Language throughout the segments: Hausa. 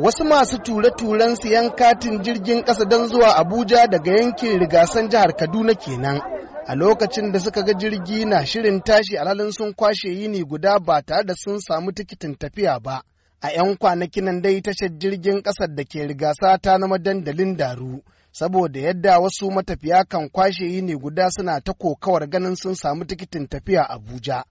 wasu masu ture-turen siyan katin jirgin ƙasa don zuwa Abuja daga yankin rigasan jihar Kaduna kenan. A lokacin da suka ga jirgi na shirin tashi alhalin sun kwashe yini guda ba tare da sun samu tikitin tafiya ba. A 'yan kwanakin nan dai tashar jirgin ƙasar da ke rigasa ta na dandalin daru. saboda yadda wasu matafiya kan kwashe yini guda suna ta kokawar ganin sun samu tikitin tafiya Abuja.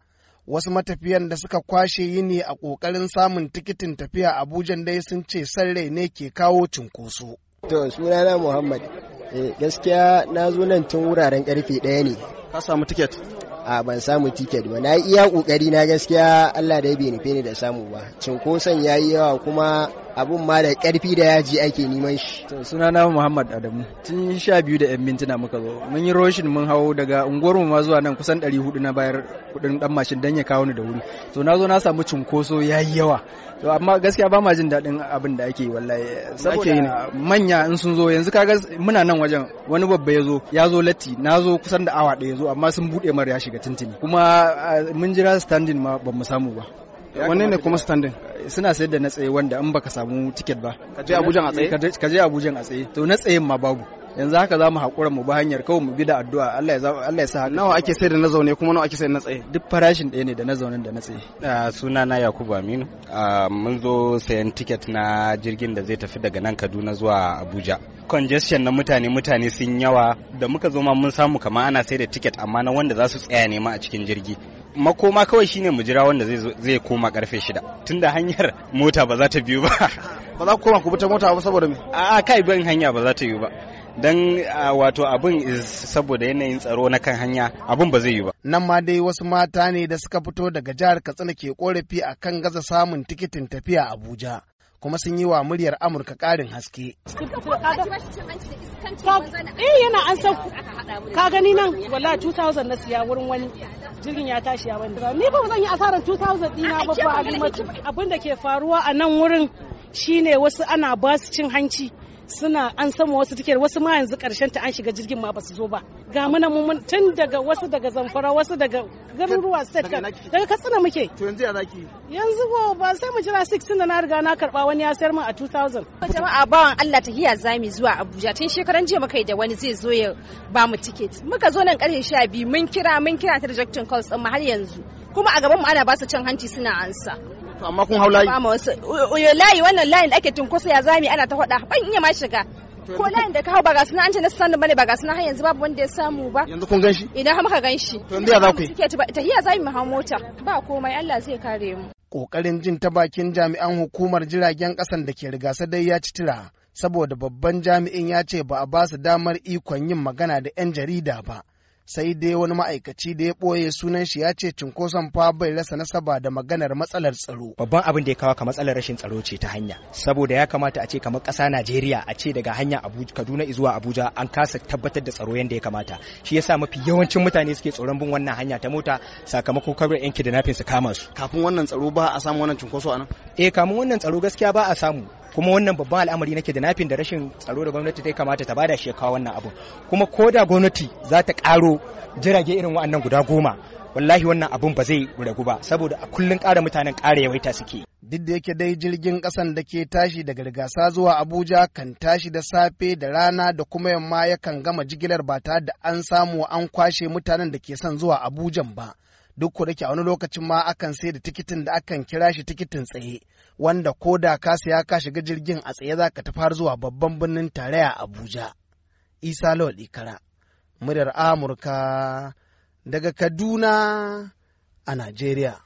wasu matafiyan da suka kwashe yini a ƙoƙarin samun tikitin tafiya abuja dai sun ce san rai ne ke kawo cinkoso. to sunana muhammad eh, gaskiya na zo nan tun wuraren karfe ɗaya ne ka samu tiket a ban samu tiket ba na iya ƙoƙari na gaskiya allah da ya bai nufe ni da samu ba cinkoson ya yi yawa kuma abun ma da karfi da yaji ake neman shi suna na muhammad adamu tun sha biyu da yan mintuna muka zo mun yi roshin mun hau daga unguwarmu ma zuwa nan kusan ɗari hudu na bayar kuɗin ɗan mashin dan ya kawo ni da wuri to na zo na samu cunkoso ya yi yawa to amma gaskiya ba ma jin daɗin abin da ake yi wallahi saboda manya in sun zo yanzu kaga muna nan wajen wani babba ya zo ya zo latti na zo kusan da awa ɗaya zo amma sun buɗe mara ya shiga tintini kuma mun jira standing ma ba mu samu ba wanne ne kuma standing suna sayar da na tsaye wanda in baka samu tiket ba ka je abuja a tsaye ka je abuja a tsaye to na tsayen ma babu yanzu haka za mu haƙura mu ba hanyar kawai mu bi da addu'a Allah ya Allah ya sa haka nawa ake sayar da na zaune kuma nawa ake sayar na tsaye duk farashin ɗaya ne da na zaune da na tsaye suna na Yakubu Aminu mun zo sayan tiket na jirgin da zai tafi daga nan Kaduna zuwa Abuja congestion na mutane mutane sun yawa da muka zo ma mun samu kama ana sayar da tiket amma na wanda za su tsaya ne ma a cikin jirgi makoma kawai shine mu jira wanda zai koma karfe shida tunda hanyar mota ba za ta biyu ba ba za ku koma ku bi ta mota ba saboda me a kai bin hanya ba za ta yi ba don wato abin saboda yanayin tsaro na kan hanya abin ba zai yi ba. Nan ma dai wasu mata ne da suka fito daga jihar Katsina ke korafi a kan gaza samun tikitin tafiya Abuja. kuma sun yi wa muryar Amurka ƙarin haske. Eh yana an san ka gani nan wala 2000 na siya wurin wani jirgin ya tashi ya bani ni ba zan yi asarar 2000 dina ba ba abin da ke faruwa a nan wurin shine wasu ana basu cin hanci suna an sama wasu tiket wasu ma yanzu karshen ta an shiga jirgin ma basu zo ba ga muna mu tun daga wasu daga zamfara wasu daga garuruwa state daga katsina muke to yanzu ya zaki yanzu ko ba sai mu jira 6 tunda na riga na karba wani ya sayar min a 2000 jama'a bawan Allah ta hiya zami zuwa Abuja tun shekaran jiya muka yi da wani zai zo ya ba mu tiket muka zo nan sha 12 mun kira mun kira ta rejection calls din mu har yanzu kuma a gaban mu ana ba su cin hanci suna ansa To amma kun hau layi? Ba mu Layi wannan layin da ake tunkusa ya zami ana ta hada ban iya ma shiga. ko layin da ka hau ba ga suna an ce na sanin bane ba ga suna har yanzu babu wanda ya samu ba yanzu kun ganshi idan har muka ganshi to inda za ku yi tahiya za mu hau mota ba komai Allah zai kare mu kokarin jin ta bakin jami'an hukumar jiragen kasan da ke riga dai ya ci tira saboda babban jami'in ya ce ba a ba su damar ikon yin magana da 'yan jarida ba sai dai wani ma'aikaci da ya ɓoye sunan shi ya ce cinkoson fa bai rasa nasaba da maganar matsalar tsaro. Babban abin da ya kawo ka matsalar rashin tsaro ce ta hanya saboda ya kamata a ce kamar ƙasa Najeriya a ce daga hanya Kaduna zuwa Abuja an kasa tabbatar da tsaro yadda ya kamata shi yasa mafi yawancin mutane suke tsoron bin wannan hanya ta mota sakamakon kabrin yanki da nafin su kama su. Kafin wannan tsaro ba a samu wannan cinkoso a nan? Eh kamun wannan tsaro gaskiya ba a samu kuma wannan babban al'amari nake da nafin da rashin tsaro da gwamnati ta kamata ta bada shi kawo wannan abu kuma ko da gwamnati za ta karo jirage irin wa'annan guda goma wallahi wannan abun ba zai ragu ba saboda a kullun ƙara mutanen ƙara yawaita suke duk da yake dai jirgin ƙasan da ke tashi daga rigasa zuwa abuja kan tashi da safe da rana da kuma yamma yakan gama jigilar ba tare da an samu an kwashe mutanen da ke son zuwa abujan ba duk ko dake a wani lokacin ma akan sai da tikitin da akan kira shi tikitin tsaye wanda ko da ka saya ka shiga jirgin a tsaye za ka tafi har zuwa babban birnin tarayya Abuja. Isa Lord Ikara, muryar Amurka daga Kaduna a Najeriya.